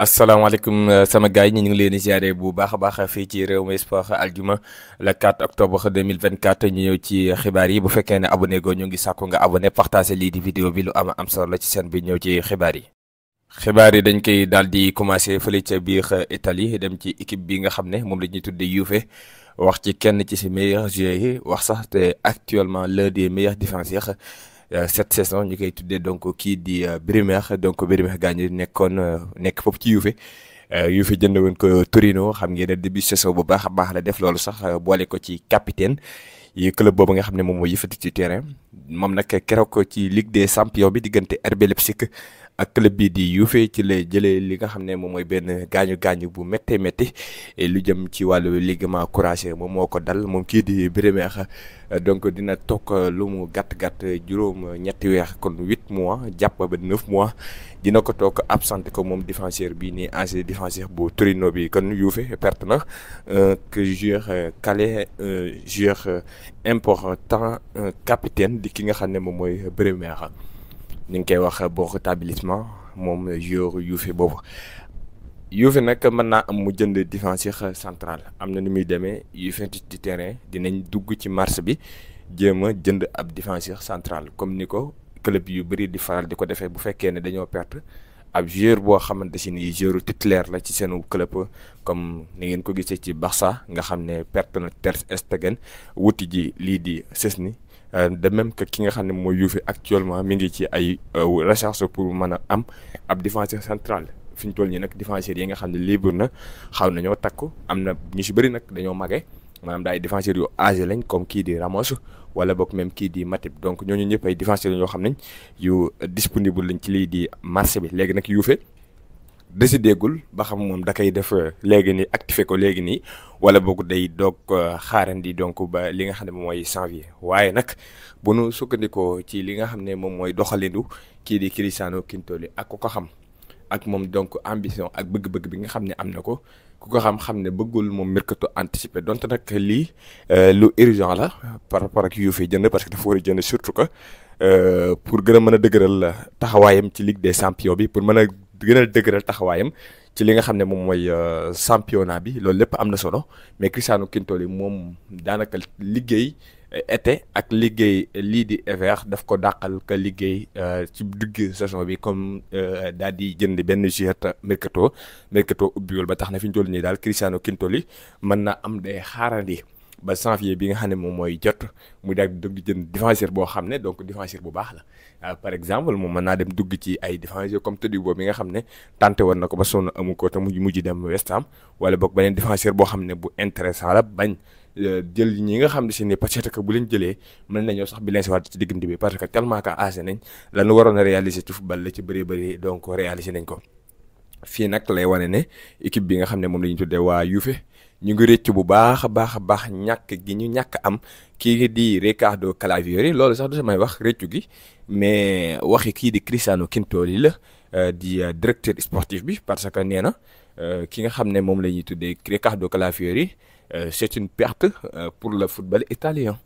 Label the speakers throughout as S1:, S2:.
S1: asalaamaaleykum euh, sama gars yi ñu ngi leen di ziare bu baax a baax fii ci Rewmi Sport aljuma le 4 octobre 2024 ñu ñëw ci xibaar yi bu fekkee ne abonné goo ñu ngi sàkku nga abonné partagé lii di vidéo bi lu am am solo la ci seen bi ñëw ci xibaar yi. xibaar yi dañ koy daal di commencé fële ca biir Italie dem ci équipe bi nga xam ne moom la ñuy tuddee Juve wax ci kenn ci si meilleurs joueurs yi wax sax te actuellement l'un des meilleurs défenseurs Euh, cette saison ñu koy tuddee donc kii di euh, Bremer donc Bremer gaañu nekkoon euh, nekk foofu ci Juve yu fi jënd woon ko Torino xam ngeen ne début saison bu baax a baax la def loolu sax boole ko ci capitaine yi club boobu nga xam ne moom moo yëfati ci terrain moom nag keroog ci Ligue des Champions bi diggante RB Leipzig ak club bi di Juve ci lay jëlee li nga xam ne moom mooy benn gaañu gaañu bu méttee métti lu jëm ci wàllu ligament croisé moom moo ko dal moom kii di Bremer donc dina toog lu mu gàtt gàtt juróom ñetti weex kon huit mois jàpp ba neuf mois dina ko toog absent ko moom défenseur bi nii ancien défenseur bu Torino bi kon Juve perte na que joueur calé joueur important capitaine di ki nga xam ne moom mooy Bremer ñu ngi koy wax boo rétablissement moom joueur Juve boobu Juve nag mën naa am mu jënd défensif centrale am na ni muy demee Juventus di terrain dinañ dugg ci marché bi jéem a jënd ab défensif central comme ni ko club yu bëri di faral di ko defee bu fekkee ne dañoo perte ab joueur boo xamante si ni joueur titulaire la ci seenu club comme ni ngeen ko gisee ci Barça nga xam ne perte na Ter Stegen wuti ji lii di Szczęsny Euh, de même que ki nga xam ne mooy Youssouf actuellement mi ngi ci ay euh, recherche pour mën a am ab défenseur centrale fi ñu toll nii nag défenseurs yi nga xam ne libre na xaw na nañoo takku am na ñu si bëri nag dañoo màggee maanaam daay défenseurs yu âgé lañ comme kii di Ramos wala bokk même kii di Matip donc ñooñu ñëpp ay défenseurs yoo xam nañ yu disponible lañ ci lii di marché bi léegi nag Youssouf. décidé gul ba xam moom da koy def euh, léegi nii activé ko léegi nii wala boog day doog euh, xaarandi donc ba li nga xam ne mooy janvier waaye nag bu nu sukkandikoo ci li nga xam ne moom mooy doxalindu kii di Cristiano Quintoli ak ku ko xam ak moom donc ambition ak bëgg-bëgg bi nga xam ne am na ko ku ko xam-xam ne bëggul moom mercato anticipé donte nag lii euh, lu urgent la par rapport ak yu fi jënd parce que dafa war jënd surtout que pour gën a mën a dëgëral taxawaayam ci Ligue des champions bi pour mën a. gën a dëgëral taxawaayam ci li nga xam ne moom mooy euh, championnat bi loolu lépp am na solo mais Cristiano Quintoli moom daanaka liggéey euh, été ak liggéey euh, lii di hiver daf ko dàqal ka liggéey ci digg saison bi comme daal di jënd benn joueur mercato mercato ubbiwul ba tax na fi ñu toll nii daal Cristiano Quintoli mën na am xaaral yi ba janvier bi nga xam ne moom mooy jot mu daal di dugg di jënd défenseur boo xam ne donc défenseur bu baax la euh, par exemple moom mën naa dem dugg ci ay défenseur comme tëddu boobu bi nga xam ne tenté woon na ko ba sonn amu ko te mujj mujj dem West Ham wala boog beneen défenseur boo xam ne bu intéressant la bañ euh, jël ñi nga xam ne si jëlee mën nañoo sax bi leen si waat ci diggante bi parce que tellement que assez nañ la ñu waroon a réaliser ci football la ci bëri bëri donc réaliser nañ ko. fii nag lay wane ne équipe bi nga xam ne moom la ñu tuddee waa Juve ñu ngi rëcc bu baax a baax a baax ñàkk gi ñu ñàkk am kii di Ricardo Calafiori loolu sax du samay wax rëccu gi mais waxi kii di tool yi la euh, di euh, directeur sportif bi parce que nee na euh, ki nga xam ne moom la ñuy tuddee Ricardo Calafiori Euh, c'est une perte euh, pour le football italien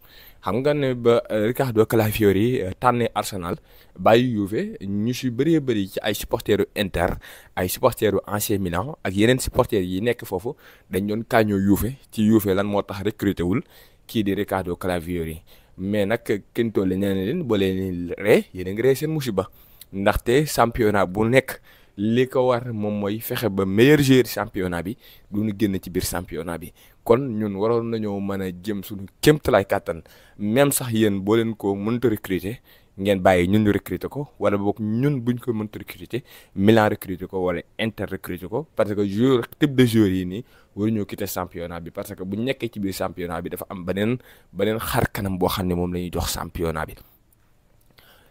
S1: xam nga ne ba euh, Riccardo yi tànnee Arsenal bàyyi Juve ñu si bëree bëri ci ay supporteru Inter ay supporteru AC Milan ak yeneen supporter yi nekk foofu dañ doon kaañoo Juve ci Juve lan moo tax recruté wul kii di Riccardo yi mais nag kenn toll nee na leen boo leen ree yéen a ngi ree seen musiba ndaxte championnat bu nekk. li ko war moom mooy fexe ba meilleur joueur championnat bi du ñu génn ci biir championnat bi kon ñun waroon nañoo mën a jëm suñu talaay kàttan même sax yéen boo leen ko mënta recruter ngeen bàyyi ñun ñu recruter ko wala boog ñun buñ ko mënta recruter Milan recruter ko wala Inter recruter ko parce que jour type de joueur yi nii waruñoo quitter championnat bi parce que bu nekkee ci biir championnat bi dafa am beneen beneen xar kanam boo xam ne moom la ñuy jox championnat bi.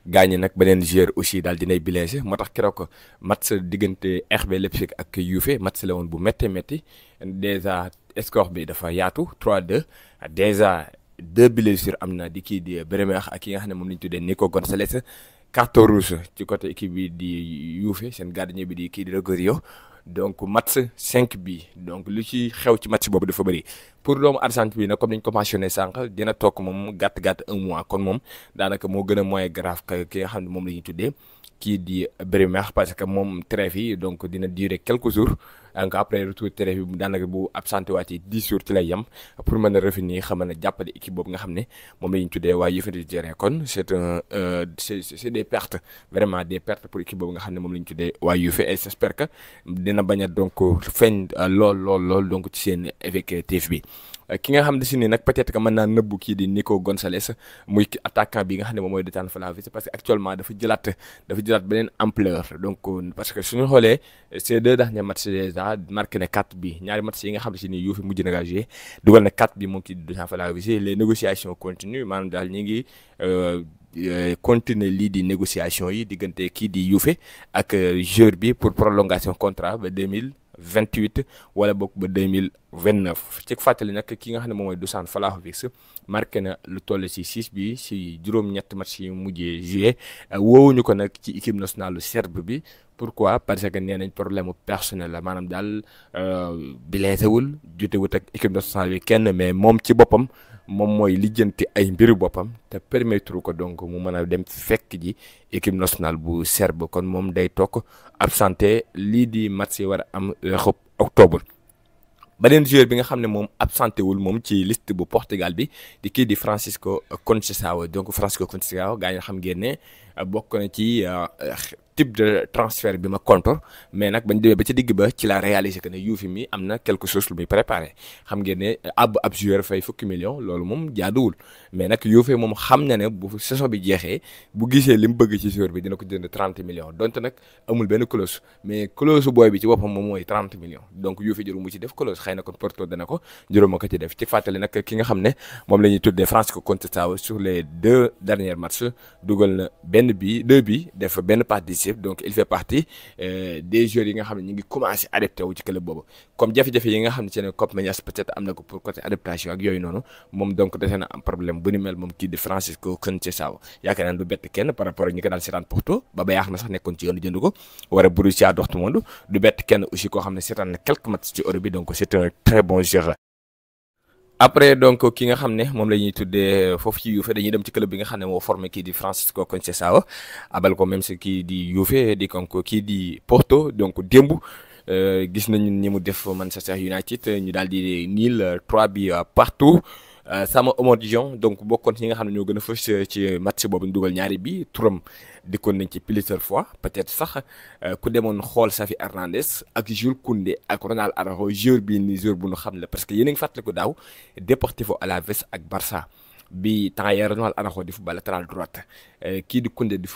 S1: gaañe nag beneen joueur aussi daal dinay blessé moo tax keroog match diggante RB Leipzig ak Juve match la woon bu métti métti déjà score bi dafa yaatu 3-2 déjà deux blessures am na di kii di Bremer ak i nga xam ne moom la ñu tuddee Nico Gonzalez carton rouge ci côté équipe bi di yuufe seen gardien bi di kii di Rogerio donc match cinq bi donc lu ci xew ci match boobu dafa bëri pour doomu Argentine bi na comme ni ñu ko mentionné sànq dina toog moom gàtt gàtt un mois kon moom daanaka moo gën a moyen grave ki nga xam ne moom la ñuy tuddee kii di Bremer parce que moom trêve yi donc dina durer quelque jours. donc euh, après retour terrain bi daanaka bu absenté waatee 10 jours ci lay yem pour mën a revenir xam ne jàppale équipe boobu nga xam ne moom la ñu tuddee waa Yëfante terrain kon c' est un c' est c' des pertes vraiment des pertes nga xam ne moom la ñu tuddee waa Yufe et j' espère que dina bañ a donc feeñ euh, lool lool lool donc ci seen effectif bi. Euh, ki nga xam ne si ni nag peut-être que mën naa nëbbu kii di Nico Gonzalez muy attaquant bi nga xam ne moom mooy Dejan Vlahovic parce que actuellement dafa jëlaat dafa jëlaat beneen ampleur donc euh, parce que suñu xoolee ces deux derniers matchs déjà marqué na 4 bi ñaari match yi nga xam ne si ni yu fi mujj na dugal na 4 bi moom kii di Dejan Vlahovic les négociations continuent maanaam daal euh, continuer lii di négociation yi diggante kii di Juve ak joueur bi pour prolongation contrat ba 2000 vingt 28 wala bokk ba mille 2029 ci fàttali nag ki nga xam ne moom mooy Dusan Vlahovic marqué na lu toll si 6 bi si juróom-ñett match yi mujjee ak euh, wowuñu ko nag ci équipe nationale serbe bi pour pourquoi parce que nee nañ problème personnel la maanaam daal euh, bilansewul jotewut ak équipe nationale bi kenn mais moom ci boppam moom mooy lijjanti ay mbiru boppam te permettre ko donc mu mën a dem fekk ji équipe nationale bu Serbe kon moom day toog absenté lii di match yi war a am weeru octobre. beneen joueur bi nga xam ne moom absenté wul moom ci liste bu Portugal bi di kii di Francisco Conceição donc Francisco Conceição gaa yi nga xam ngeen ne bokk na ci euh, type de transfert bi ma contre mais nag bañ demee ba ci digg ba ci la réaliser que ne Yofi mi am na quelque chose lu muy préparé xam ngeen ne ab ab joueur fay fukki million loolu moom jaaduwul mais nag Yofi moom xam na ne bu saison bi jeexee bu gisee li mu bëgg ci joueur bi dina ko jënd 30 millions donte nag amul benn clause mais clause booy bi ci boppam moom mooy 30 millions donc Yofi jëru mu ci def clause xëy na ko Porto dana ko juróom ko ci def ci fàttali nag ki nga xam ne moom la ñuy tuddee Francisco Conceição sur les deux derniers matchs dugal na benn bi deux bi def benn passe décisive donc il fait partie euh, des joueurs yi nga xam ne ñu commencé adapté ci club boobu comme jafe-jafe yi nga xam ne seen pour côté adaptation yooyu noonu moom donc dese na am problème bu ni mel moom kii di Francisco Conceição yaakaar naa du bett kenn par rapport ñi ko daal seetaan Porto ba Bayern na sax nekkoon ci yoonu jënd ko war a Borussia Dortmund du bett kenn aussi koo xam ne seetaan na quelques matchs après donc ki nga xam ne moom la ñuy tuddee euh, foofu ci Juve dañuy dem ci club bi nga xam ne moo formé kii di Francisco Conceição abal ko même si kii di Juve di konk kii di Porto donc démb euh, gis nañu ni mu def man Manchester United ñu daal di niil 3 euh, bi partout. Euh, sama Omar Dijon donc bokkoon ci ñi nga xam ne ñoo gën a fës euh, ci match boobu ñu dugal ñaari bi turam dikkoon nañ ci plusieurs fois peut-être sax euh, ku demoon xool Xavi Hernandez ak Jules Koundé ak Ronald Araujo joueur bii nii joueur bu nu xam la parce que yéen a ngi fàttaliku daaw Deportivo Alavés ak Barça bi temps yii Ronald Araujo di football latéral droite kii di Koundé di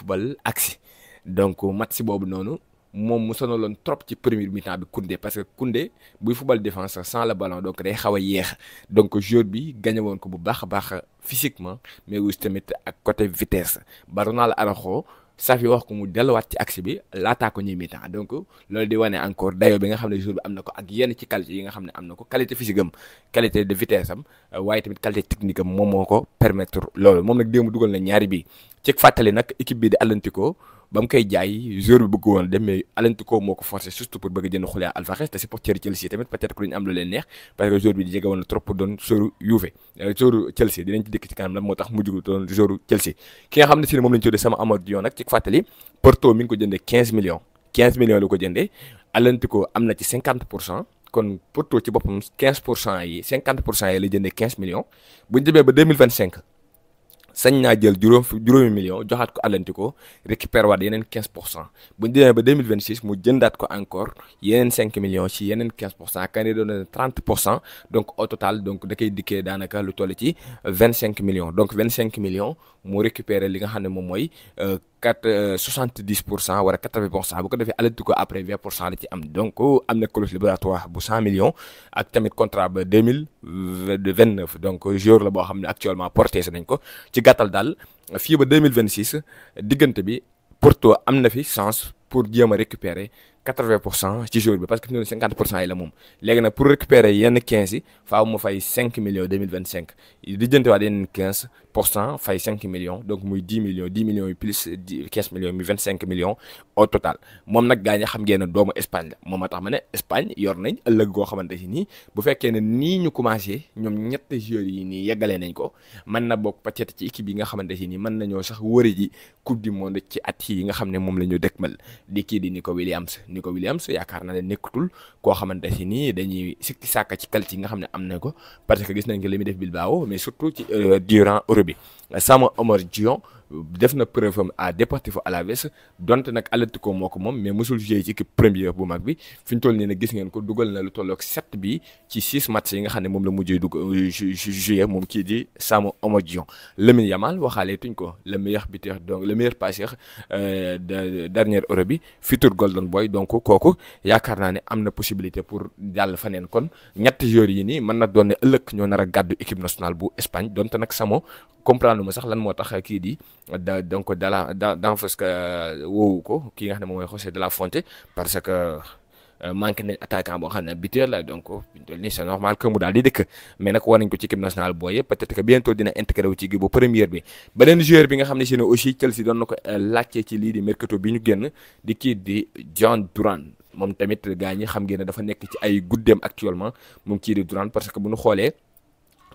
S1: ak si donc match boobu noonu. moom mu sonaloon trop ci premier mi-temps bi Koundé parce que Koundé buy football défense sax sans le ballon donc day xaw a yéex donc joueur bi gagné woon ko bu baax a baax physiquement mais aussi tamit ak côté vitesse ba Ronald Araujo Safi wax ko mu delluwaat ci axe bi laataa ko ñuy mi donc loolu di wane encore dayoo bi nga xam ne jour bi am na ko ak yenn ci qualité yi nga xam ne am na ko qualité physique am qualité de vitesse waaye tamit qualité technique am moo ko permettre loolu moom nag dugal na ñaari bi ci fàttali nag équipe bi di Atlético ba mu koy jaay joueur bi bëgg woon dem mais Atlético moo ko forcé surtout pour bëgg jënd Julián Álvarez te supporter Chelsea tamit peut am lu leen neex parce que joueur bi jege woon trop pour doon joueur Juve euh, joueur Chelsea dinañ ci dëkk ci kanam la moo tax mu doon joueur Chelsea ki nga xam ne si ne moom lañ tuddee sama Amad Dion nag ci fàttali Porto mi ngi ko jëndee 15 millions 15 millions la ko jëndee Atlético am na ci 50 pour cent kon Porto ci boppam 15 pour cent yi 50 pour sañ naa jël juróom juróomi million joxaat ko Atlético récupère waat yeneen 15 pour cent bu ñu demee ba 2026 mu jëndaat ko encore yeneen 5 millions ci yeneen 15 pour cent kan yi doon na 30 pour cent donc au total donc da koy dikkee daanaka lu toll ci 25 millions donc cinq millions mu récupérer li nga xam ne moom mooy. Euh, quatre euh, soixante dix pour cent wala quatre vingt pour cent bu ko defee alal ko après vingt pour cent la ci am donc am na clause libératoire bu cent millions ak tamit contrat ba deux mille vingt neuf donc jour la boo xam ne actuellement protégé nañ ko ci gàttal daal fii ba deux mille vingt six diggante bi Porto am na fi chance. pour jéem a récupérer quatre-vingt pour cent ci jour bi parce que fi mu ne cinquante pour cent yi la moom léegi nag pour récupérer yenn quinze yi faaw mu fay cinq millions deux mille vingt cinq di jëntewaat yenn quinze pour cent fay cinq millions donc muy dix millions dix millions yi plus quinze millions muy vingt cinq millions au total moom nag gaa ñi xam ngeen ne doomu Espagne la moom a tax ma ne Espagne yor nañ ëllëg goo xamante si nii bu fekkee ne nii ñu commencé ñoom ñetti joueurs yi nii yeggalee nañ ko mën na bokk peut-être yi nga xamante si nii mën nañoo sax wëri ji coupe du monde ci at yi nga xam ne moom la ñu dëkkmal di kii di Nico Williams Nico Williams yaakaar naa ne nekkatul koo xamante si nii dañuy sikki sàkka ci qualité yi nga xam ne am na ko parce que gis nañ ko li muy def Bilbao mais surtout ci euh, durant Euro bi sama Omar Dion def na preuve am à Deportivo Alavés donte nag Atlético moo ko moom mais mosul joué ci équipe première bu mag bi fi ñu toll nii nag gis neen ko dugal na lu tollook sept bi ci six matchs yi nga xam ne moom la mujjee dugg euh, joué moom kii di Samu Omodjian Lamine Yamal waxaale tuñ ko le meilleur buteur donc le meilleur passeur euh, de dernière bi futur Golden Boy donc kooku yaakaar naa ne am na possibilité pour jàll faneen kon ñett joueurs yi nii mën na doon ne ëllëg ñoo na a gàddu équipe nationale bu Espagne donte nag Samu comprendre ma sax lan moo tax kii di da donc dala da Danfosque euh, woowu ko ki nga xam ne moom mooy José de la Fonte parce que euh, manqué nañ attaquant boo xam ne buteur la donc ni c'est normal que mu daal di dëkk mais nag war ko ci équipe nationale dina intégré wu ci bu première bi beneen joueur bi nga xam ne si aussi Chelsea doon na ko euh, laajte ci lii di mercato bi ñu génn di kii di John Duran moom tamit gars ñi xam ngeen ne dafa nekk ci ay guddeem actuellement moom kii di Duran parce que bu ñu xoolee.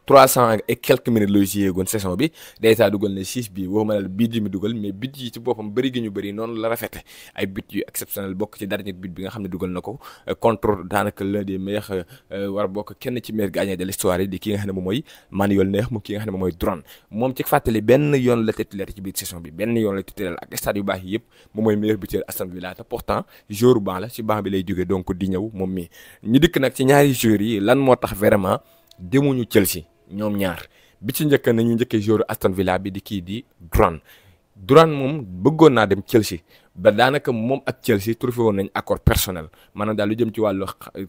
S1: trois cent et quelques minutes lay joué saison bi dèjà dugal na six bi waxuma la bii di mu dugal mais bit yi ci boppam bëri gi ñu bëri noonu la rafete ay bit yu exceptionnel bokk ci dernier bit bi nga xam ne dugal na ko contre daanaka l'un des meilleurs euh, war bokk kenn ci meilleur gardien de l'histoire yi di ki nga xam ne moom mooy Manuel Neuer moom ki nga xam ne moom mooy Thuram moom ci fàttali benn yoon la titulaire ci biir saison bi benn yoon la titulaire ak stade yu baax yi yëpp moom mooy meilleur buteur Aston Villa te pourtant di ñëw moom mii ñu dikk nag ci ñaari yi lan moo tax vraiment demuñu Chelsea ñoom ñaar bi ci njëkk nañu njëkkee joueur Aston Villa bi di kii di Duran Duran moom bëggoon naa dem Chelsea ba daanaka moom ak Chelsea trouvé woon nañ accord personnel maanaam daal lu jëm ci wàllu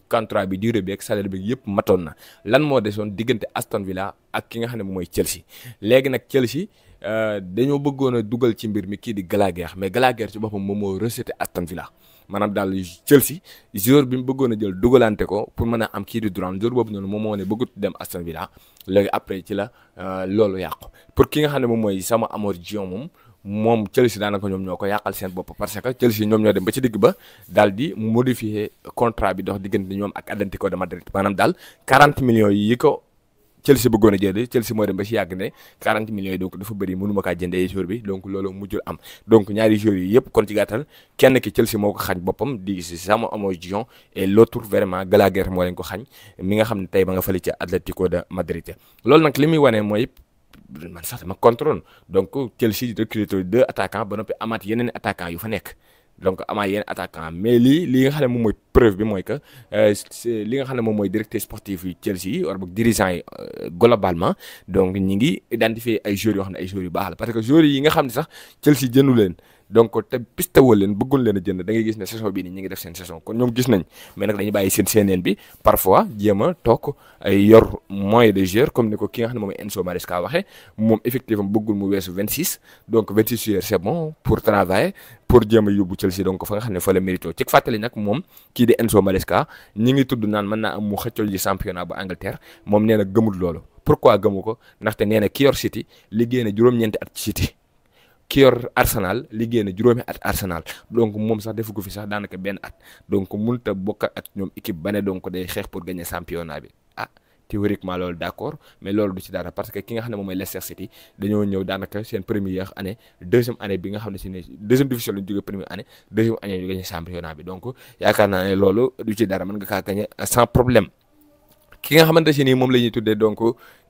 S1: contrat bi durée bi ak bi yëpp matoon na lan moo desoon diggante Aston Villa ak ki nga xam ne moom mooy Chelsea léegi nag Chelsea. Euh, dañoo bëggoon a dugal ci mbir mi kii di Gallagher mais Gallagher ci boppam moom moo rejeté Aston Villa maanaam daal Chelsea joueur bi mu bëggoon a jël dugalante ko pour mën a am kii di Durant joueur boobu noonu moom moo ne bëggut dem Aston Villa léegi après ci la euh, loolu yàqu pour ki nga xam ne moom mooy sama Amour Dieng moom moom Chelsea daanaka ñoom ñoo ko yàqal seen bopp parce que Chelsea ñoom ñoo dem ba ci digg ba daal di modifier contrat bi dox diggante ñoom ak Atlético de Madrid maanaam daal 40 millions yi ko. Chelsea bëggoon a jënd Chelsea moo dem ba si yàgg ne 40 millions yi donc dafa bëri mënuma kaa jëndee jour bi donc loolu mujjul am donc ñaari joueurs yi yëpp kon ci gàttal kenn ki Chelsea moo ko xañ boppam di Samu Hojbjerg et l'autre vraiment Gallagher moo leen ko xañ mi nga xam ne tey ba nga fële ca Atlético de Madrid loolu nag li muy wane mooy man sax dama contrôle donc Chelsea recruté deux attaquants ba noppi amaat yeneen attaquants yu fa nekk donc amaat yenn attaquant mais lii li nga xam ne moom mooy preuve bi mooy que euh, li nga xam ne moom mooy directeur sportif yu Chelsea yi wala boog dirigeant yi euh, globalement donc ñi ngi identifier ay joueurs yoo xam ne ay joueurs yu parce que joueurs yi nga xam ne sax Chelsea jëndu leen donc te piste woo leen bëggoon leen a jënd da ngay gis ne saison bi ni ñu ngi def seen saison kon ñoom gis nañ mais nag dañuy seen seeneen bi parfois jéem a toog ay yor moyen de joueur comme ni ko ki nga xam ne moom Enzo Maresca waxee moom effectivement bëggul mu weesu 26 donc 26 joueurs c'est bon pour travailler pour jéem a Chelsea donc fa nga xam ne fa la mérito ci fàttali nag moom kii di Enzo Maresca ñi ngi tudd naan mën naa am mu xëccal ji championnat bu Angleterre moom nee na gëmul loolu pourquoi gëmu ko ndaxte nee na yor City liggéey na juróom-ñeenti at ki yor Arsenal liggéey na juróomi at Arsenal donc moom sax defu ko fi sax daanaka benn at donc mënut a bokk ak ñoom équipe ba ne donc day xeex pour gagner championnat bi ah théoriquement loolu d'accord mais loolu du ci dara parce que ki nga xam ne moom mooy Leicester City dañoo ñëw daanaka seen première année deuxième année bi nga xam ne si ne deuxième division lañu bi donc yaakaar naa ne loolu du ci dara mën nga kaa gagner sans problème ki nga xamante si nii moom la ñuy tuddee donc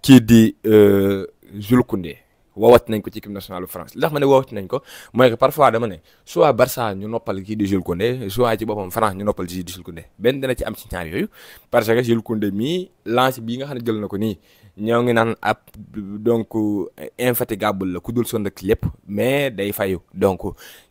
S1: kii di euh, Jules Koundé wowat nañ ko ci équipe nationale bu France li tax ma ne wowat nañ ko mooy que parfois dama ne soit Barça ñu noppal kii di Jules Koundé ci boppam France ñu noppal kii di Jules ci am ci ñaar yooyu parce que Jules Koundé lance bii nga xam ne jël na ko ni ñoo ngi naan ab donc infatigable la ku dul sonn ak lépp mais day fayu donc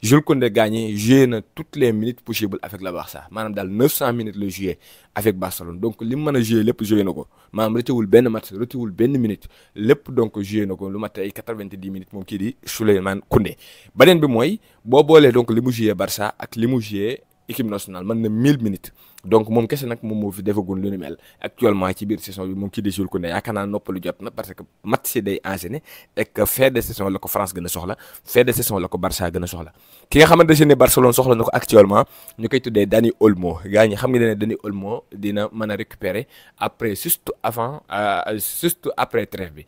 S1: Jules Koundé Gagny joué na toutes les minutes possibles avec la Barça maanaam daal 900 minutes la joué avec Barcelone donc li mu mën a joué lépp joué na ko maanaam retiwul benn match retiwul benn minute lépp donc joué na ko lu mat ay 90 minutes moom kii di Souleymane Koundé beneen bi mooy boo boolee donc li mu joué Barça ak li mu joué équipe nationale mën na 1000 minutes. donc moom kese nag moom moo fi defagul lu ni mel actuellement ci biir saison bi moom ci desul ko ne yaakaar naa noppalu jot na parce que match si day enchaîné et que fin de saison la ko France gën a soxla fin de saison la ko Barça gën a soxla ki nga xamante ne Barcelone soxla na ko actuellement ñu koy tuddee Dani Olmo gars ñi xam nga ne Dani Olmo dina mën a récupérer après surtout avant euh, surtout après trêve bi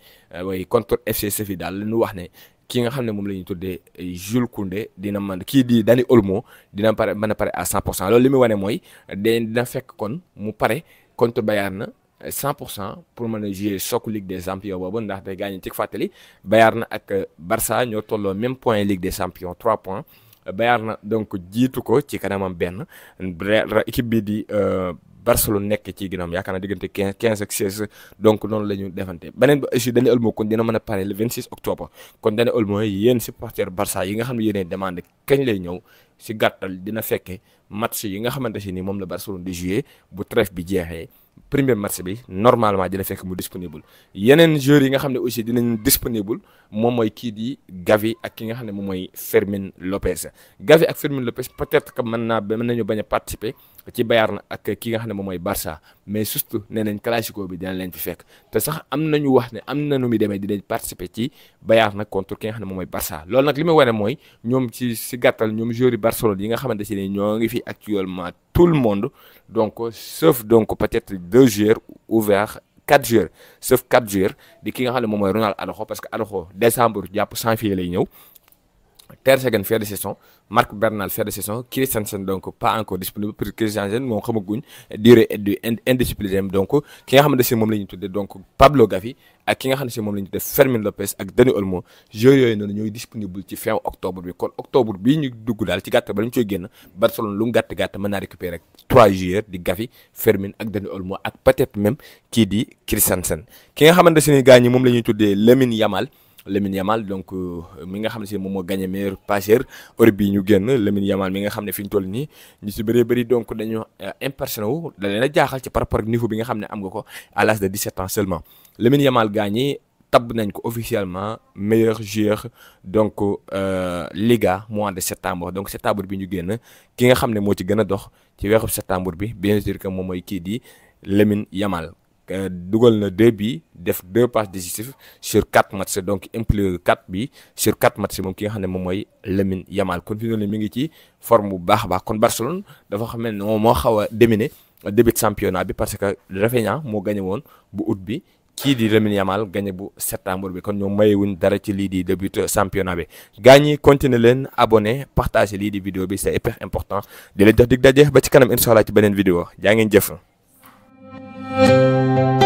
S1: way euh, contre FC Séville daal lu ñu wax ne. kii nga xam ne moom la ñuy tuddee eh, Jules Koundé dina mën kii di Dani Olmo dina pare mën a pare à 100 pour cent loolu li muy wane mooy dina fekk kon mu pare contre Bayern eh, na 100 pour cent pour mën a jouer choc Ligue des Champions boobu ndax gars ñi ci fàttali bayaar na ak eh, Barça ñoo tolloo même point Ligue des Champions trois points bayaar na donc jiitu ko ci kanamam benn équipe bii di euh, Barcelone nekk ci ginnaawam yaakaar naa diggante quinze quinze ak seize donc noonu la ñu defante beneen ba aussi Dani Olmo kon dina mën a pare le 26 octobre kon Dani Olmo yéen supporter Barça yi nga xam ne yéenay demande kañ lay ñëw si gàttal dina fekke match yi nga xamante si nii moom la Barcelone di jouer bu trêve bi jeexee premier match bi normalement dina fekk mu disponible yeneen joueurs yi nga xam ne aussi dinañ disponible moom mooy kii di ak ki nga xam ne moom mooy Fermin Lopez Gavi ak Fermin Lopez peut naa mën nañu bañ a participer. ci bayaar Bayern ak ki nga xam ne moom mooy Barça mais surtout nee nañ classico bi dina leen fi fekk te sax am na ñu wax ne am na nu muy demee dinañ participer ci Bayern nag contre ki nga xam ne moom mooy Barça loolu nag li muy wane mooy ñoom ci si gàttal ñoom joueurs yi Barcelone yi nga xamante ne ñoo ngi fi actuellement tout le monde donc sauf donc peut-être deux joueurs ouverts quatre joueurs sauf quatre jours di ki nga xam ne moom mooy Ronald Araujo parce que Araujo décembre jàpp sans fii lay ñëw. Ter Stegen fin de saison Marc Bernal fin de saison Christensen donc pas encore ki nga xamante si moom la ñu tuddee donc Pablo Gavi ak ki nga xam ne si moom la ñu tuddee Fermin Lopez ak Dani Olmo joueurs yooyu noonu ñooy disponible ci fin octobre bi kon octobre bii ñu dugg génn Barcelone lu mu gàtt gàtt mën naa rek trois joueurs di Gavi Fermin ak Dani Olmo ak peut-être même kii di Christensen ki nga xamante si ni ñi moom la ñuy tuddee lemin Yamal. Lamine Yamal donc euh, mi nga xam ne si moom moo gagné meilleur passeur heure bii ñu génn Lamine Yamal mi nga xam ne fi ñu toll nii ñu si bëree bëri donc dañu euh, impressionné wu da leen a jaaxal ci par rapport ak niveau bi nga xam ne am nga ko à l'âge de 17 ans seulement Lamine Yamal gagné tabb nañ ko officiellement meilleur joueur donc euh, Liga mois de septembre donc septembre bi ñu génn ki nga xam ne moo ci gën a dox ci weexu septembre bi bien sûr que moom mooy kii di Lamine Yamal. Euh, dugal na deux bi def deux passes décisives sur quatre matchs donc impliqué quatre bi sur quatre matchs moom ki nga xam ne moom mooy Lamine Yamal kon fi mu mi ngi ci forme bu baax baax kon Barcelone dafa xam ne moom moo xaw a déminé début championnat bi parce que Rafinha moo gagné woon bu août bi kii di Lamine Yamal gagné bu septembre bi kon ñoom mayewuñ dara ci lii di début championnat bi gaa ñi continuer leen abonné partager lii di vidéo bi c'est hyper important di leen jox ci kanam incha allah ci beneen vidéo jaa ngeen jëf. thank you